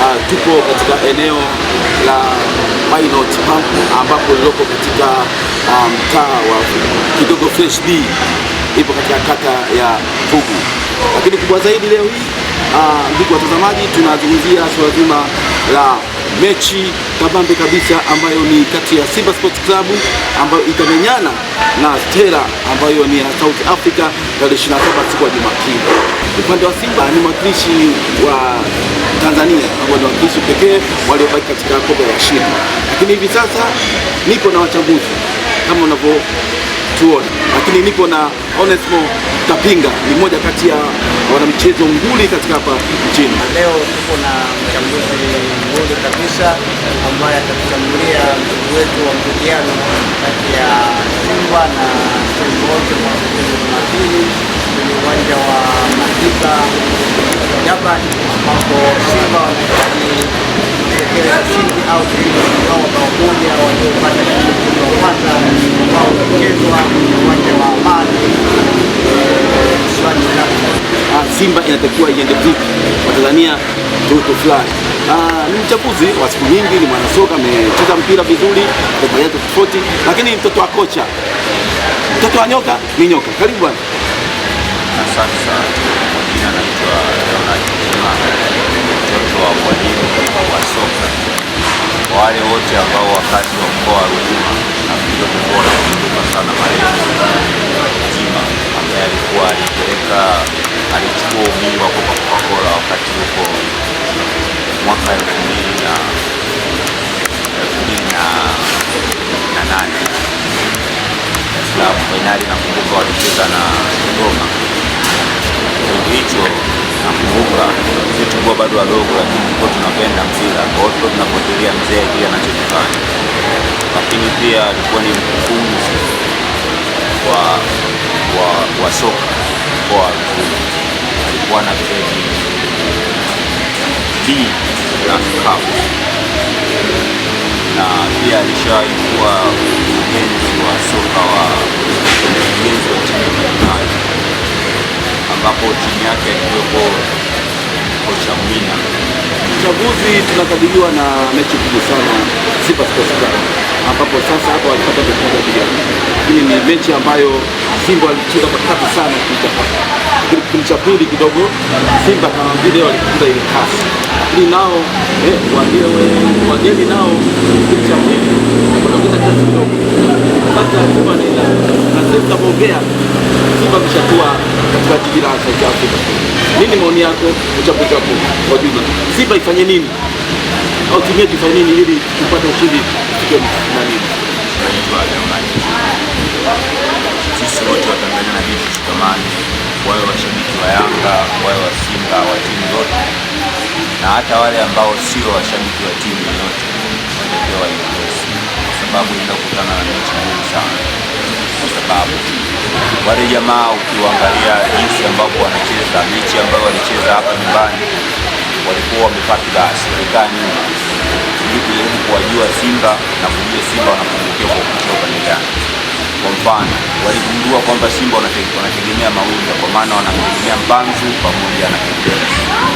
Uh, tupo katika eneo la Minot Park ambapo liloko katika ah, mtaa um, wa kidogo Fresh B ipo katika kata ya Pugu, lakini kubwa zaidi leo hii ah, ndugu uh, watazamaji, tunazungumzia suala zima la mechi kabambe kabisa ambayo ni kati ya Simba Sports Club ambayo itamenyana na Stella ambayo ni ya South Africa tarehe 27 siku ya Jumapili. Upande wa Simba ni mwakilishi wa Tanzania ambao ni wakilishi pekee waliobaki katika kombe la shirika, lakini hivi sasa niko na wachambuzi kama unavyotuona, lakini niko na Onesmo Tapinga, ni mmoja kati ya wanamchezo nguli katika hapa nchini. Leo tuko na mchambuzi mzuri kabisa ambaye atatuchagulia mchezo wetu wa mrudiano kati ya Simba na Stellenbosch Jumapili kwenye uwanja wa Madiba Durban, ambapo Simba wanahitaji kutekeleza ushindi au au bao moja waliopata katika mchezo wa kwanza ambao utachezwa kwenye uwanja wa Amani eh, ah, Simba inatakiwa iende vipi? Watanzania tuko fulani na ni mchaguzi wa siku nyingi, ni mwanasoka, amecheza mpira vizuri ato tofauti, lakini mtoto wa kocha, mtoto wa nyoka ni nyoka. Karibu bwana. Asante sana. Jina naitwa Leonard mtoto wa mwalimu wa soka. Wale wote ambao wakati wa mkoa wa Ruvuma tukivuka sisi tulikuwa bado wadogo, lakini tulikuwa tunapenda mpira, kwa hiyo tulikuwa tunafuatilia mzee kile anachokifanya, lakini pia alikuwa ni mkufunzi wa, wa, wa soka mkoa wa Ruvuma. Alikuwa na gredi B na kafu na pia alishawahi kuwa mkurugenzi wa soka wa mkurugenzi wa timu mbalimbali ambapo timu yake alikuwepo kocha Mwina. Uchaguzi tunakabiliwa na mechi kubwa sana Simba Sports Club, ambapo sasa hapa walipata vikombe viwili, lakini ni mechi ambayo Simba walicheza kwa kasi sana kuitapata, lakini kipindi cha pili kidogo Simba kama vile walikuta ile kasi, lakini nao eh, wenyewe wageni nao kipindi cha pili wanakuza kasi kidogo, sasa Simba ni sasa tunavyoongea Simba imeshakuwa katika jiji la South Africa. Nini maoni yako, uchambuzi wako kwa jumla? Simba ifanye nini au timu yetu ifanye nini ili tupate ushindi tufikie nani? Sisi wote wa Tanzania na hivi tushikamane, wawe washabiki wa Yanga, wawe wa Simba, wa timu zote na hata wale ambao sio washabiki wa timu yoyote, wanatakiwa waiogosi, kwa sababu inakutana na mechi ngumu sana kwa sababu wale jamaa ukiwaangalia jinsi ambavyo wanacheza mechi ambayo walicheza hapa nyumbani, walikuwa wamepaki basi kukaa nyuma ili kujaribu kuwajua Simba na kujua Simba wanapungukia kwa kupitia upande gani. Kwa mfano, waligundua kwamba Simba wanategemea mawinga, kwa maana wanategemea Mpanzu pamoja na Kibera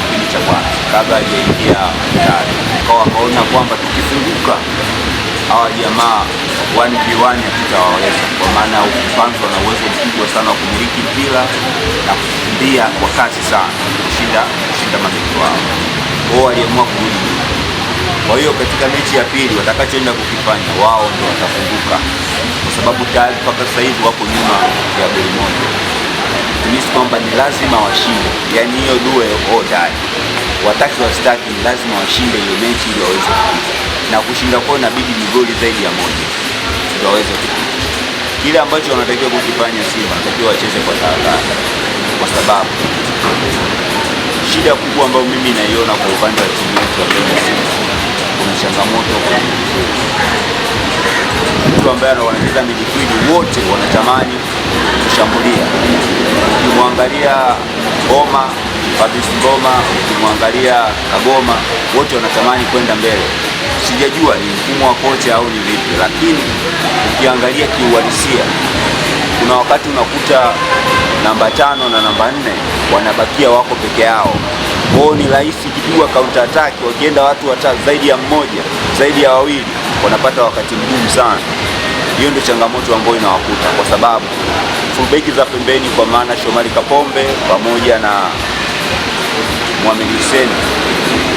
kipindi cha kwanza kabla hajaingia Mtare, kwa wakaona kwamba tukifunguka hawa jamaa wani viwani hatutawaweza, kwa maana Upanzu wana uwezo mkubwa sana wa kumiliki mpira na kukimbia kwa kasi sana kushinda kushinda mabeki wao. Wao waliamua kurudi. Kwa hiyo katika mechi ya pili watakachoenda kukifanya wao ndio watafunguka, kwa sababu tayari mpaka sasa hivi wako nyuma ya goli moja. Tunisi kwamba ni lazima washinde, yaani hiyo due odai, oh, wataki wasitaki, ni lazima washinde hiyo mechi ili waweze kupita na kushinda kwao inabidi ni goli zaidi ya moja ndio waweze kile ambacho wanatakiwa kukifanya. Simba wanatakiwa wacheze kwa tahadhari, kwa sababu shida kubwa ambayo mimi naiona kwa upande wa timu yetu ambayo Simba, kuna changamoto kwa mtu ambaye wanacheza midfield, wote wanatamani kushambulia. Ukimwangalia Goma Fabrice Ngoma, ukimwangalia Kagoma, wote wanatamani kwenda mbele sijajua ni mfumo wa kocha au ni vipi, lakini ukiangalia kiuhalisia, kuna wakati unakuta namba tano na namba nne wanabakia wako peke yao kwao ni rahisi kipigwa counter attack, wakienda watu wata zaidi ya mmoja zaidi ya wawili wanapata wakati mgumu sana. Hiyo ndio changamoto ambayo inawakuta kwa sababu fullback za pembeni, kwa maana Shomari Kapombe pamoja na Mohamed Hussein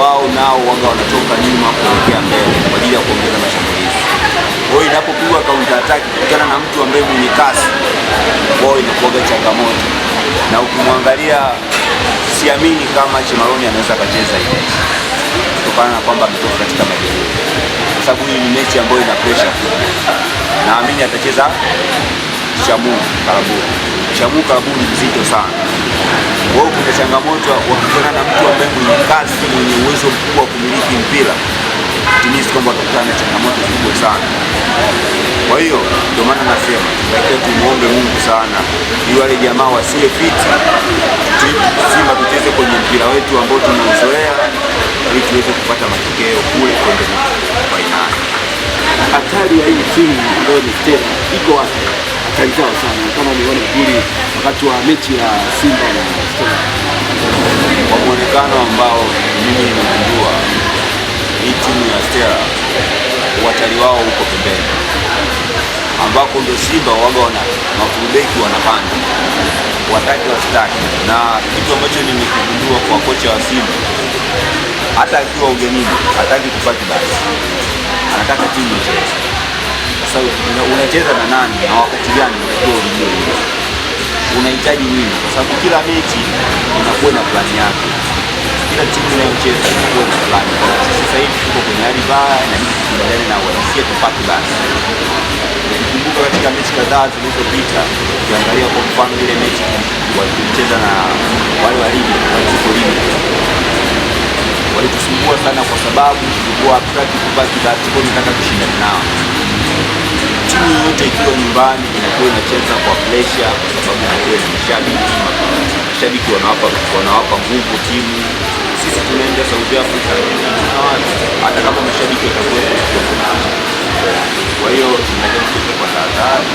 wao nao waga wanatoka nyuma kuelekea mbele kwa ajili ya kuongeza mashambulizi. Kwa hiyo inapopigwa counter attack kutokana na mtu ambaye mwenye kasi, kwao inakuwa changamoto, na ukimwangalia siamini kama Chimaroni anaweza akacheza hivi kutokana na kwamba ametoka katika majeruhi, kwa sababu hii ni mechi ambayo ina pressure, naamini atacheza Shamu Karaburi. Shamu Karaburi mzito sana. Kwa hiyo kuna changamoto wakikutana na mtu ambaye mwenye kasi, mwenye uwezo mkubwa wa kumiliki mpira Tunisi, kwamba watakutana na changamoto kubwa sana. Kwa hiyo ndio maana nasema tunatakiwa tumuombe Mungu sana ili wale jamaa wasiwe fiti, Simba tucheze kwenye mpira wetu ambao tumeuzoea, ili tuweze kupata matokeo kule kwenye fainali. Hatari ya hii timu ndio ni tena iko wapi? kaisawa sana kama umeona vizuri wakati wa mechi ya Simba na Kwa mwonekano ambao mimi nimejua hii timu ya Stella watali wao huko pembeni, ambako ndio Simba waga wana mafulubeki wanapanda wataki wasitaki, na kitu ambacho nimekigundua kwa kocha wa Simba, hata akiwa ugenini hataki kupaki basi, anataka timu icheze sasa unacheza na nani na wakati gani unatakiwa unahitaji nini, kwa sababu kila mechi inakuwa na plani yake, kila timu inayocheza inakuwa na plani. Sasa hivi tuko kwenye hali mbaya, inabidi tukubaliane na uhalisia tupate basi. Ukikumbuka katika mechi kadhaa zilizopita, ukiangalia kwa mfano ile mechi walicheza na wale wa ligi walitusumbua sana, kwa sababu tulikuwa hatutaki kubaki batoni, tunataka tushindane nao timu yoyote ikiwa nyumbani inakuwa inacheza kwa presha, kwa sababu inakuwa na mashabiki, mashabiki wanawapa wanawapa nguvu timu. Sisi tunaenda Saudi Afrika, hata kama mashabiki watakuwa kwa hiyo tunajaribu kwa tahadhari.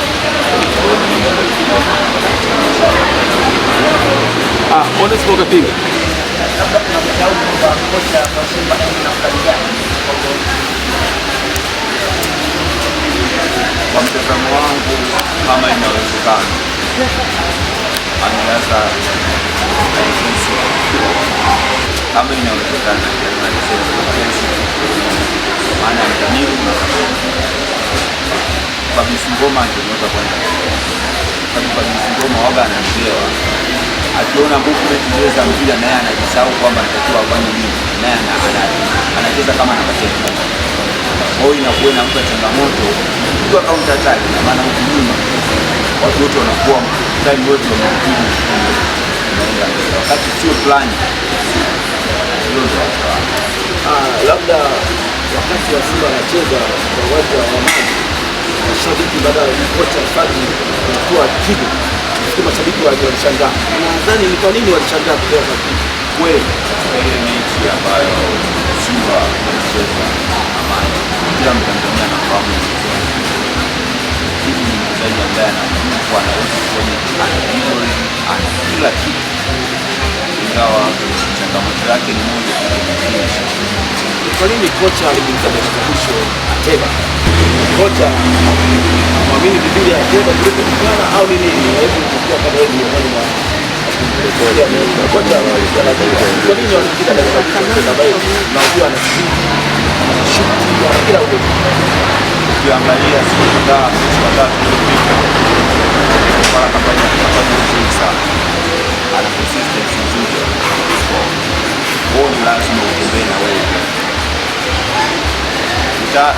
Ah, Onesmo Kapinga labda kwa mtazamo wangu, kama inawezekana, anaweza aihusu, kama inawezekana, maana mdamiri kabisi ngoma, angeweza kwenda kabisi ngoma waga anaelewa akiona movement zile za mpira, naye anajisahau kwamba anatakiwa afanye nini, naye anacheza kama anapata. kwao, inakuwa inampa changamoto kwa counter attack, na maana huko nyuma watu wote wanakuwa time wote wanakuwa wakati sio plan Ah, labda wakati wa Simba anacheza kwa watu wa Amani, mashabiki baada ya kocha Fadlu kutoa kigo nafikiri mashabiki wa walishangaa, nadhani ni kwa nini walishangaa kutoa kwa kitu kweli. Ile mechi ambayo Simba walicheza amani, kila Mtanzania anafahamu hivi ni mchezaji ambaye anakuwa na kwenye ana kila kitu, ingawa changamoto yake ni moja. Kwa nini kocha alimwita Dr. Mrisho Ateba kocha mwamini Biblia yatenda kuliko mchana au ni nini? Hebu kusikia kama wewe ni mwana wa kwa nini wanafika dakika tisa ambayo najua anasubiri shughuli ya kila uwezo. Ukiangalia siku kadhaa siku kadhaa zilizopita, mara kafanya kafanya vizuri sana, ana consistency nzuri kwao, ni lazima utembee na wewe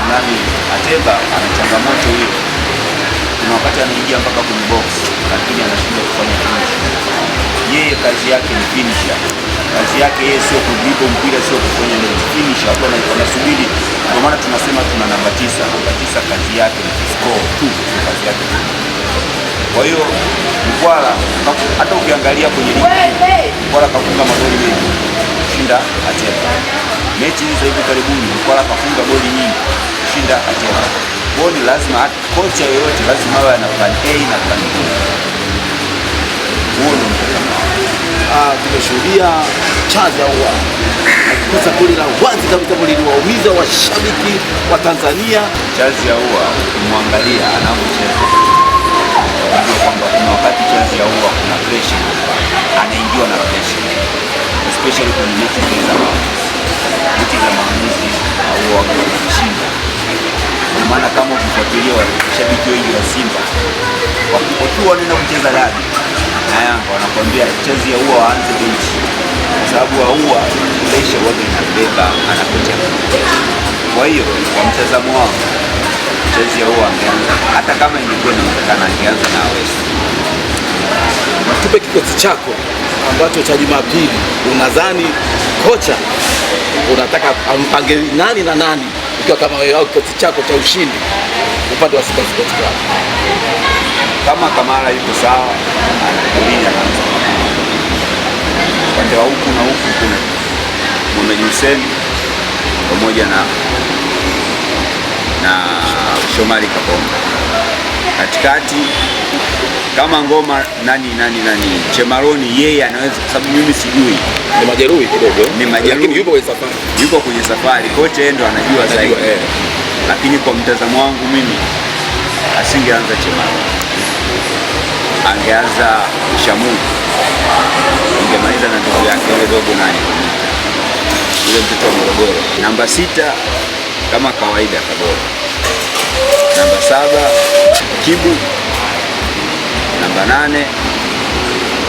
nani. Ateba ana changamoto hiyo kuna wakati anaingia mpaka kwenye box, lakini anashindwa kufanya finish. Yeye kazi yake ni finisher. Kazi yake yeye sio kudribo mpira, sio kufanya nini, finisher. Watu wanasubiri, ndio maana tunasema tuna namba tisa. Namba tisa kazi yake ni score tu, kazi yake tu. Kwa hiyo Mkwala hata ukiangalia kwenye ligi Mkwala kafunga magoli mengi kushinda Ateba. Mechi hizi za hivi karibuni Mkwala kafunga goli nyingi kushinda Ateba bodi lazima, kocha yoyote lazima awe na plan A na plan B. Huo ah, tumeshuhudia chaza huwa kosa goli la wazi kabisa liliwaumiza washabiki wa Tanzania. Chazi ya huwa kumwangalia anavyocheza unajua kwamba kuna wakati chazi ya huwa kuna pressure, anaingiwa na pressure especially kwenye mechi za maamuzi, mechi za maamuzi au wakati wa kushinda kwa maana kama ukifuatilia washabiki wengi wa Simba wakipotua wanaenda kucheza dabi, haya wanakwambia chezi ya ua waanze benchi, kwa sababu aua maisha wote inabeba anapocheza. Kwa hiyo kwa mtazamo wao chezi ya ua angeanza, hata kama ingekuwa inaonekana, angeanza na Awesu. Tupe kikosi chako ambacho cha Jumapili, unadhani kocha unataka ampange nani na nani? ukiwa kama wewe au kikosi chako cha ushindi upande wa Simba Sports Club. Kama Kamara yuko sawa, anakulia upande wa huku na huku, kuna Mohamed Hussein pamoja na na Shomari Kapombe katikati kama ngoma nani nani nani Chemaroni, yeye anaweza kwa sababu mimi sijui, ni majeruhi kidogo, ni majeruhi, lakini yupo kwenye safari, yupo kwenye safari, kocha yeye ndo anajua zaidi, eh. lakini kwa mtazamo wangu mimi asingeanza Chemaroni, angeanza Shamugu, ingemaliza na ndugu yake ile dogo nani yule mtoto wa Morogoro. Namba sita kama kawaida Kabora, namba saba Kibu namba nane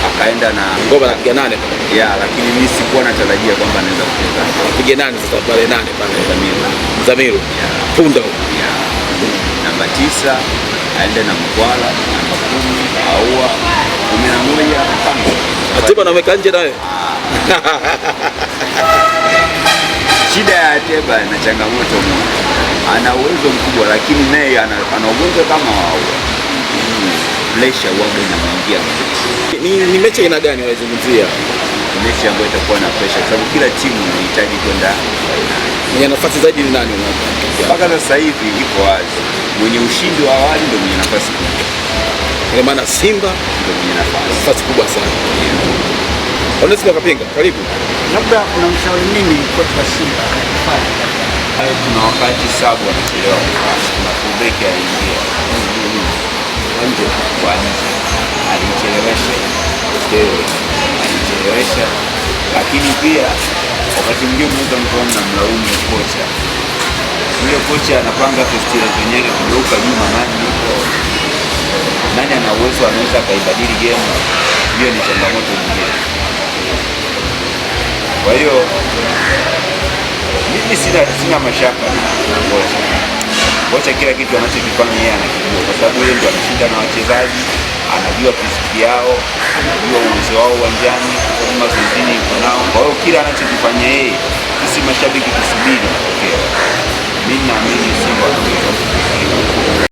akaenda na ngoma la kiga nane ya, lakini mimi sikuwa natarajia kwamba anaweza kucheza piga nane. Sasa pale nane pale Zamiru Zamiru Punda namba tisa aende na Mkwala namba kumi Aua kumi na moja Ateba naweka nje naye shida ya Ateba na changamoto moja, ana uwezo mkubwa lakini naye ana ugonjwa kama wa Aua. Hmm pressure uoga inaingia. Ni, ni mechi aina gani unazungumzia? Mechi ambayo itakuwa na pressure kwa sababu kila timu inahitaji kwenda mwenye nafasi zaidi ni nani? Mpaka sasa hivi iko wazi, mwenye ushindi wa awali ndio mwenye nafasi kubwa. Kwa maana Simba ndio mwenye nafasi nafasi kubwa sana. Onesimo Kapinga, karibu. Labda kuna mshauri nini kwa kwa Simba akafanya? Kuna wakati sabu anachelewa kwa kuna kubeki aingia na nje kwa alichelewesha. Lakini pia wakati mwingine unaweza mkawa mlaumu kocha yule kocha anapanga festira zenyewe kugeuka nyuma. Nani yuko nani, ana uwezo anaweza akaibadili game? Hiyo ni changamoto nyingine. Kwa hiyo mimi sina sina mashaka na kocha kocha kila kitu anachokifanya yeye anakijua, kwa sababu yeye ndio anashinda na wachezaji, anajua fiziki yao, anajua uwezo wao uwanjani, zingine iko nao. Kwa hiyo kila anachokifanya yeye, sisi mashabiki tusubiri matokeo. Mimi naamini Simba